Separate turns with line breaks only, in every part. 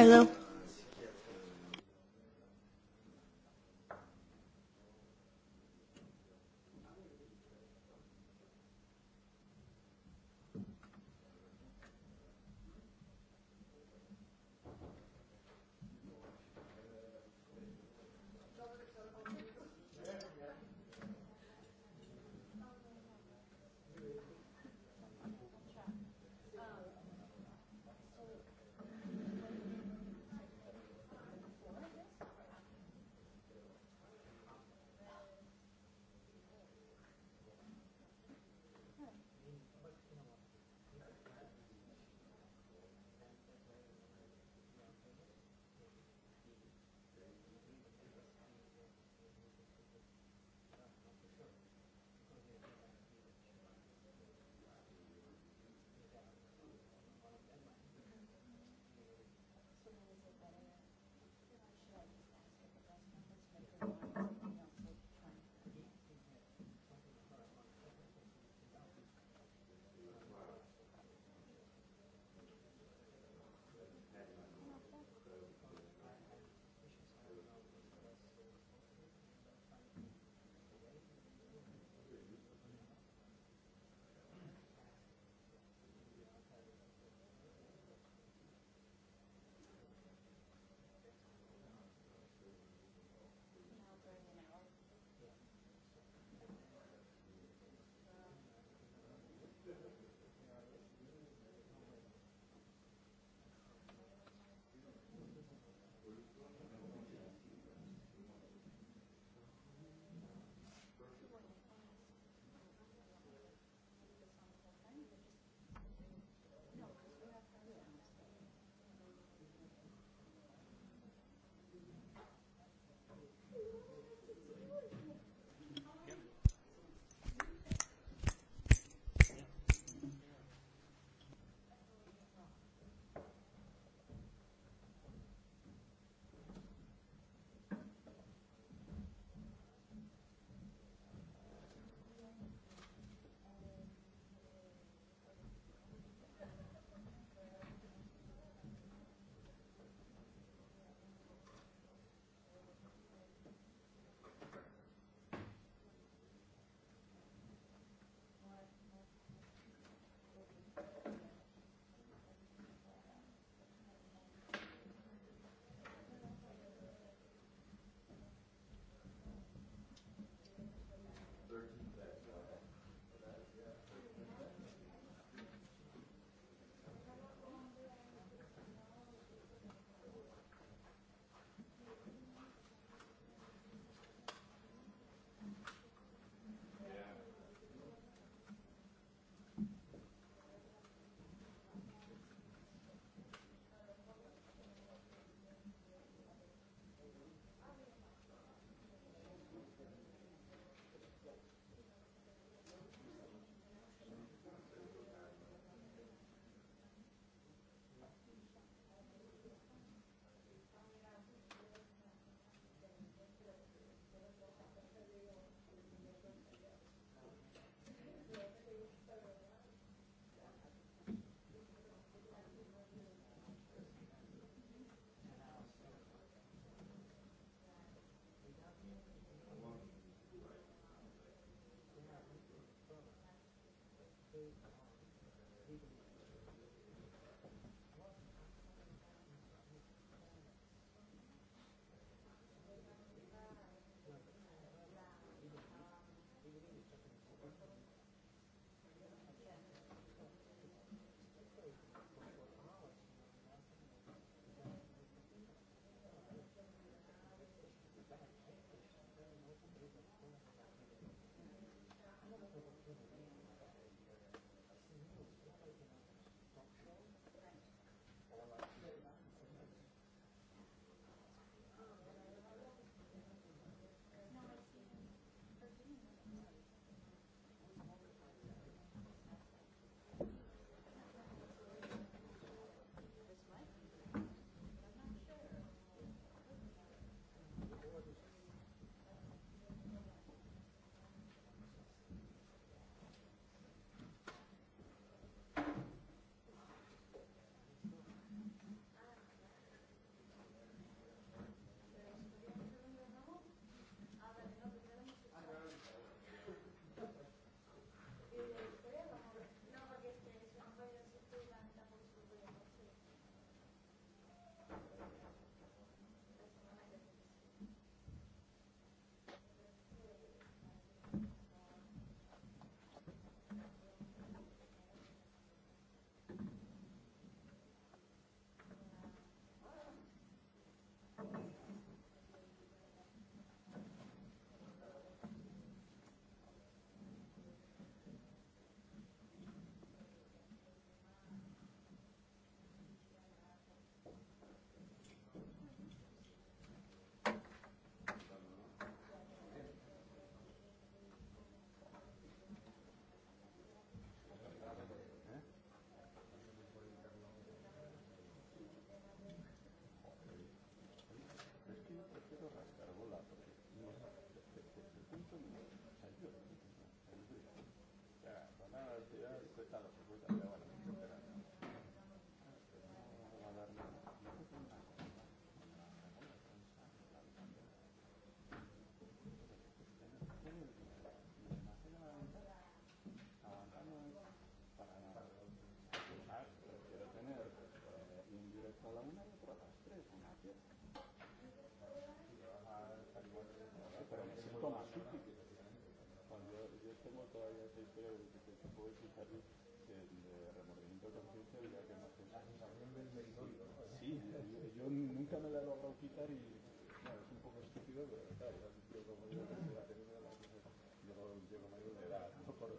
Hello.
todavía esa historia de que se puede fijar el eh, remordimiento de conciencia ya que no se... La sensación del meritorio. Sí, yo, yo nunca me la he logrado quitar y bueno, es un poco estúpido, pero claro, yo como yo la tengo de la llego mayor de edad, ¿no? Por,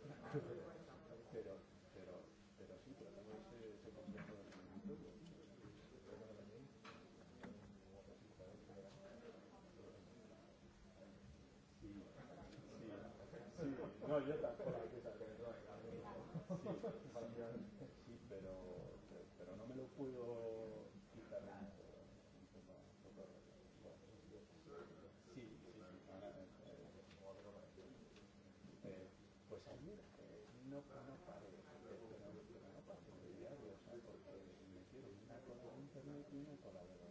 no, no paro, pero no paro, porque me quiero una con internet y una con la verdad.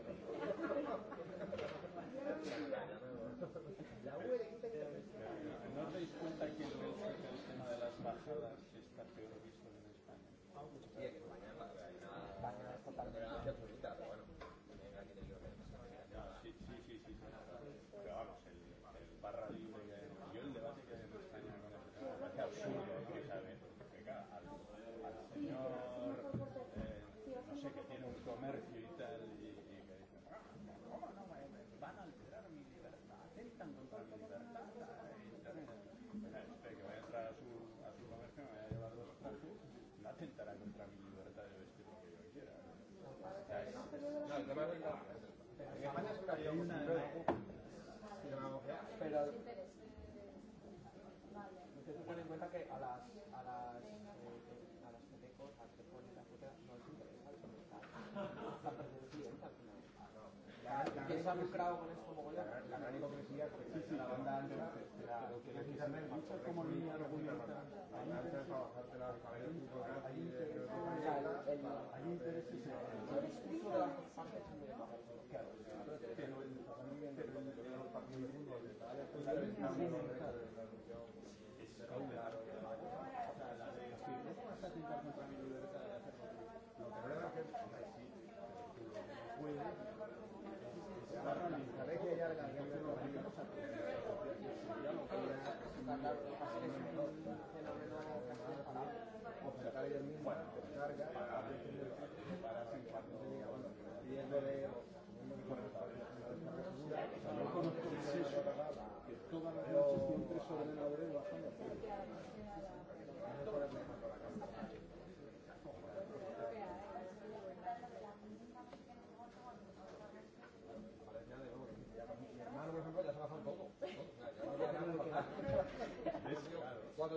ha lucrado con esto mogollón. La gran hipocresía es que sí, la banda ancha,
mucho como línea argumental. Hay intereses. Hay intereses. Pero el partido del mundo,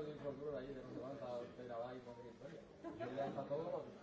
de un procura ahí todo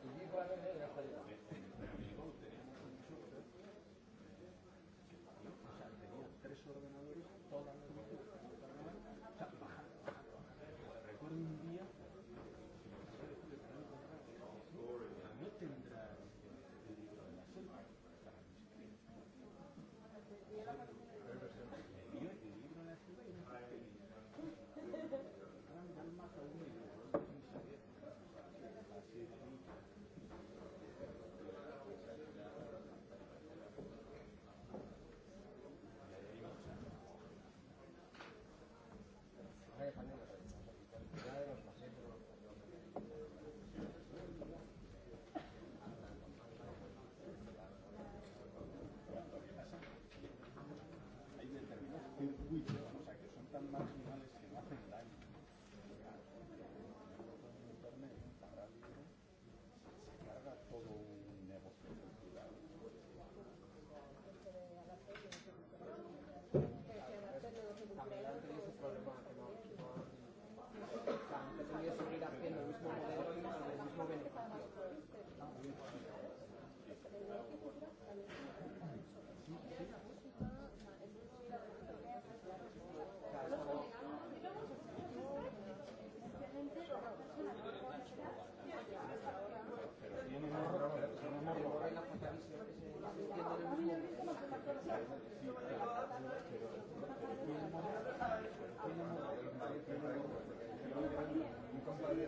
Thank you.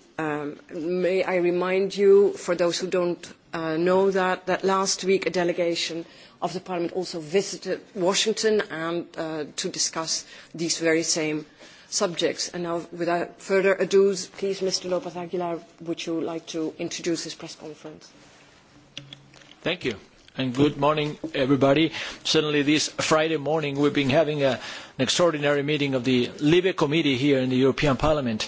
Um, may I remind you, for those who don't uh, know that, that last week a delegation of the Parliament also visited Washington and uh, to discuss these very same subjects. And now, without further ado, please, Mr. Lopez Aguilar, would you like to introduce this press conference?
Thank you. And good morning, everybody. Certainly, this Friday morning, we've been having a, an extraordinary meeting of the LIBE Committee here in the European Parliament.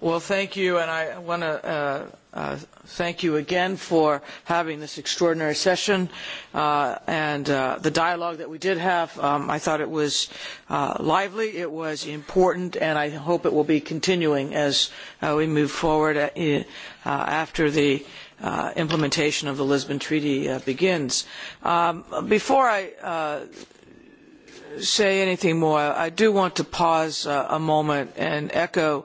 Well, thank you, and
I want to uh, uh, thank you again for having this extraordinary session uh, and uh, the dialogue that we did have. Um, I thought it was uh, lively, it was important, and I hope it will be continuing as uh, we move forward after the implementation of the Lisbon Treaty begins. Um, before I say anything more, I do want to pause a moment and echo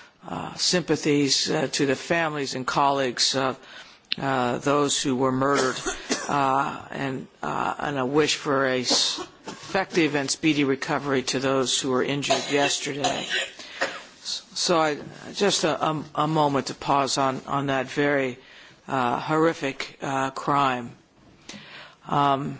Uh, sympathies uh, to the families and colleagues of uh, those who were murdered uh, and, uh, and, a wish for a effective and speedy recovery to those who were injured yesterday. So I, just a, a, um, a, moment to pause on, on that very horrific crime. Um,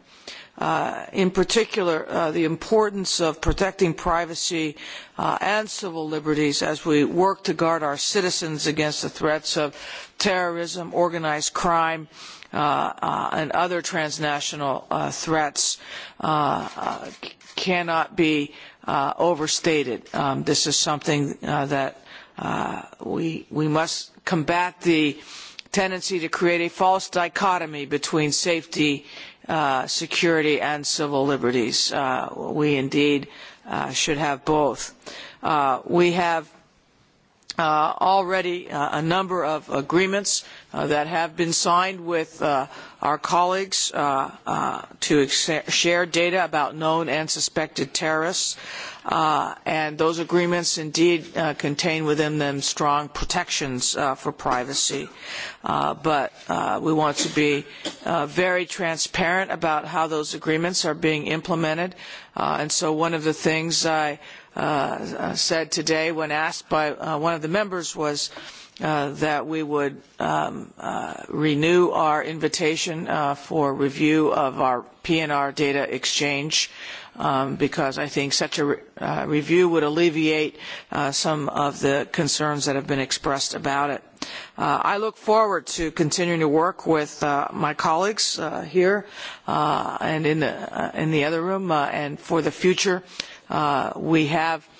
Uh, in particular uh, the importance of protecting privacy uh, and civil liberties as we work to guard our citizens against the threats of terrorism, organized crime, uh, uh, and other transnational threats cannot be overstated. Um, this is something that we, we must combat the tendency to create a false dichotomy between safety and Uh, security and civil liberties. Uh, we indeed uh, should have both. Uh, we have uh, already uh, a number of agreements uh, Uh, that have been signed with uh, our colleagues uh, uh, to share data about known and suspected terrorists. Uh, and those agreements indeed uh, contain within them strong protections uh, for privacy. Uh, but uh, we want to be uh, very transparent about how those agreements are being implemented. Uh, and so one of the things I uh, said today when asked by uh, one of the members was, uh, Uh, that we would um, uh, renew our invitation uh, for review of our PNR data exchange um, because I think such a re uh, review would alleviate uh, some of the concerns that have been expressed about it. Uh, I look forward to continuing to work with uh, my colleagues uh, here uh, and in the, uh, in the other room uh, and for the future. Uh, we have uh,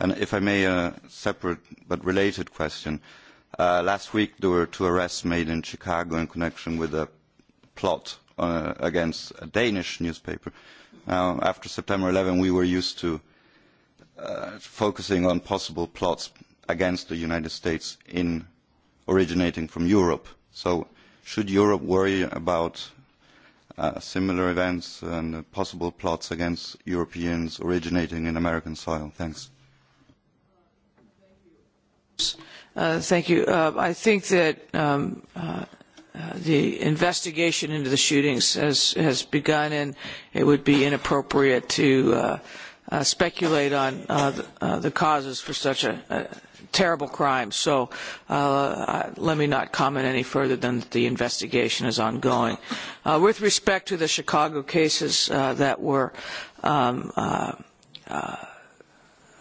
And if I may, a separate but related question. Uh, last week there were two arrests made in Chicago in connection with a plot uh, against a Danish newspaper. after September 11, we were used to uh, focusing on possible plots against the United States originating from Europe. So should Europe worry about similar events and possible plots against Europeans originating
in American soil? Thanks. Uh, thank you. Uh, I think that um, uh, uh, the investigation into the shootings has, has begun, and it would be inappropriate to uh, speculate on the, the, causes for such a, a terrible crime. So let me not comment any further than that the investigation is ongoing. with respect to the Chicago cases that were um, uh,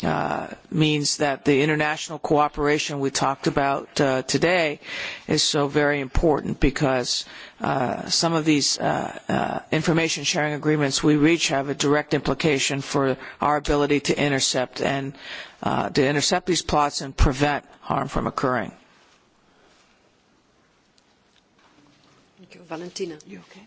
Uh, means that the international cooperation we talked about uh, today is so very important because uh, some of these uh, uh, information sharing agreements we reach have a direct implication for our ability to intercept and to intercept these plots and prevent harm from occurring.
Thank you. Valentina, you okay?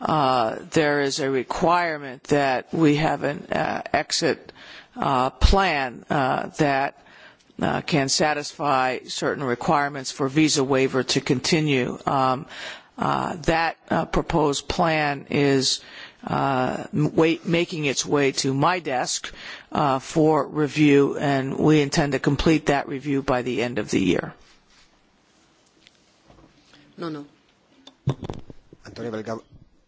Uh, there is a requirement that we have an uh, exit uh, plan uh, that uh, can satisfy certain requirements for visa waiver to continue. Um, that proposed plan is wait, making its way to my desk for review, and we intend to complete that review by the end of the year.
No, no.
Antonio Delgado,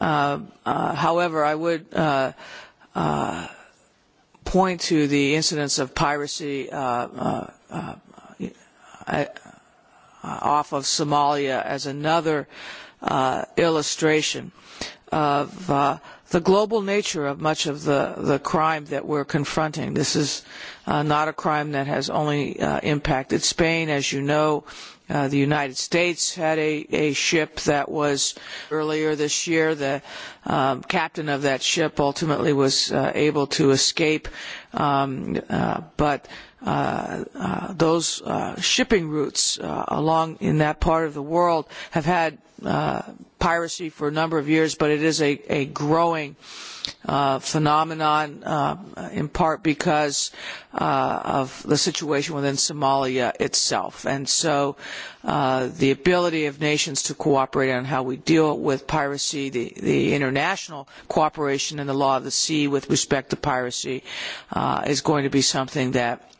Uh, uh, however, I would uh, point to the incidence of piracy off of Somalia as another uh, illustration of uh, the global nature of much of the, the crime that we're confronting. This is uh, not a crime that has only uh, impacted Spain, as you know. Uh, the United States had a, a ship that was earlier this year. The um, captain of that ship ultimately was uh, able to escape, um, uh, but Uh, uh, those uh, shipping routes uh, along in that part of the world have had piracy for a number of years, but it is a, a growing phenomenon in part because of the situation within Somalia itself. And so the ability of nations to cooperate on how we deal with piracy, the, the international cooperation in the law of the sea with respect to piracy is going to be something that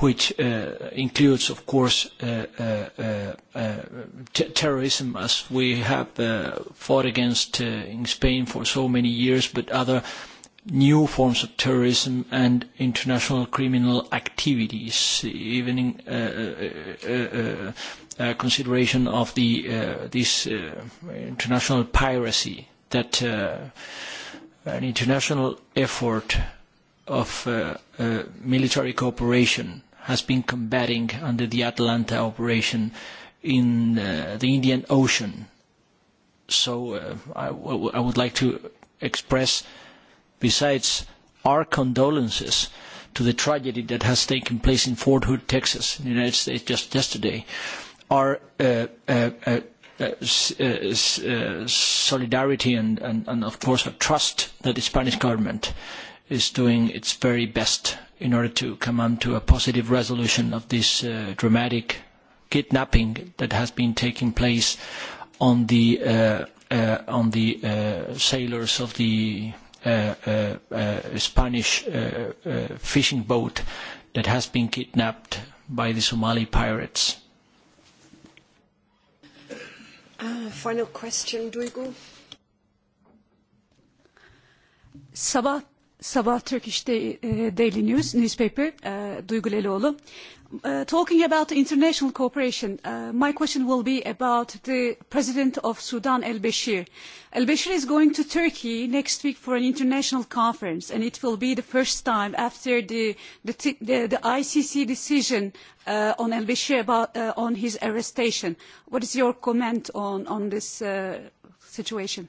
which uh, includes, of course, uh, uh, uh, uh terrorism, as we have uh, fought against in Spain for so many years, but other new forms of terrorism and international criminal activities, even in consideration of the this international piracy that an international effort of uh, uh, military cooperation has been combating under the Atlanta operation in uh, the Indian Ocean. So uh, I, I would like to express, besides our condolences to the tragedy that has taken place in Fort Hood, Texas, in the United States just yesterday, our uh, uh, solidarity and, and, and, of course, our trust that the Spanish government is doing its very best in order to come on to a positive resolution of this uh, dramatic kidnapping that has been taking place on the uh, uh, on the uh, sailors of the uh, uh, Spanish fishing boat that has been kidnapped by the Somali pirates.
final question, Duygu. Sabah Sabah Turkish Daily News newspaper, uh, Duygu Uh, talking about international cooperation, uh, my question will be about the president of Sudan, al-Bashir. Al-Bashir is going to Turkey next week for an international conference, and it will be the first time after the, the, the, the ICC decision uh, on al-Bashir about on his arrestation. What is your comment on, on this situation?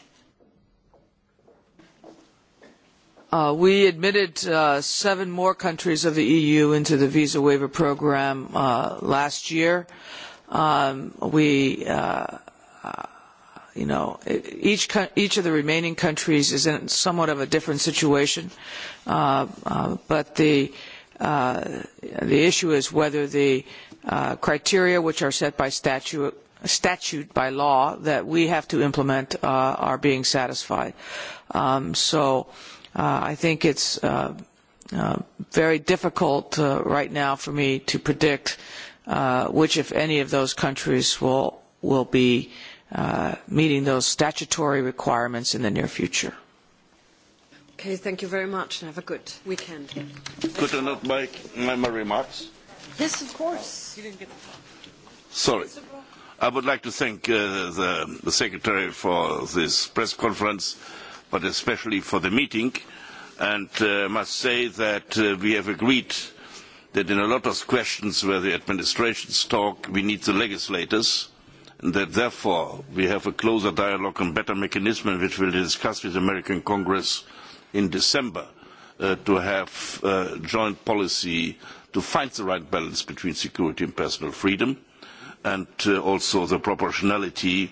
Uh, we admitted uh, seven more countries of the EU into the visa waiver program uh, last year. Um, we, uh, uh, you know, each, each of the remaining countries is in somewhat of a different situation, but the, the issue is whether the criteria which are set by statute statute by law that we have to implement are being satisfied. Um, so Uh, I think it's uh, uh, very difficult right now for me to predict which, if any, of those countries will will be meeting those statutory requirements in the near future.
Okay, thank you very much, and have a good weekend.
Could
I not make my, my remarks?
Yes, of course.
You didn't get the
Sorry. I would like to thank uh, the, the Secretary for this press conference but especially for the meeting. And I uh, must say that uh, we have agreed that in a lot of questions where the administrations talk, we need the legislators, and that therefore we have a closer dialogue and better mechanism which we'll discuss with the American Congress in December uh, to have a uh, joint policy to find the right balance between security and personal freedom and uh, also the proportionality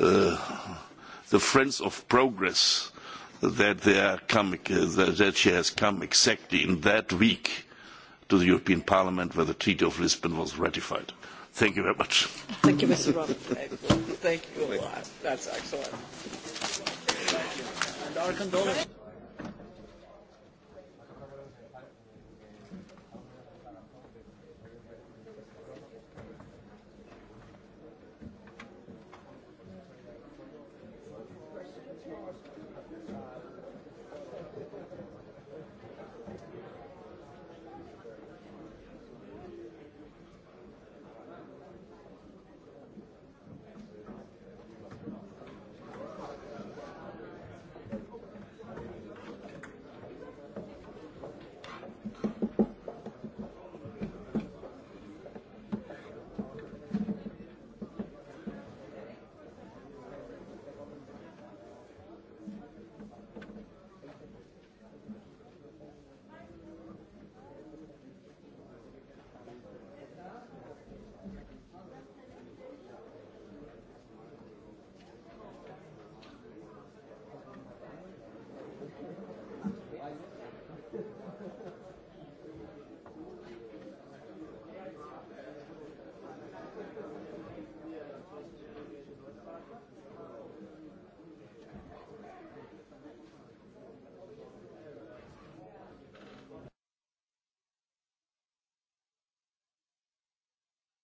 Uh, the friends of progress that they are coming, uh, that she has come exactly in that week to the European Parliament where the Treaty of Lisbon was ratified. Thank you very much. Thank you, Mr. Robert. Thank
you a lot. That's excellent. And our condolences.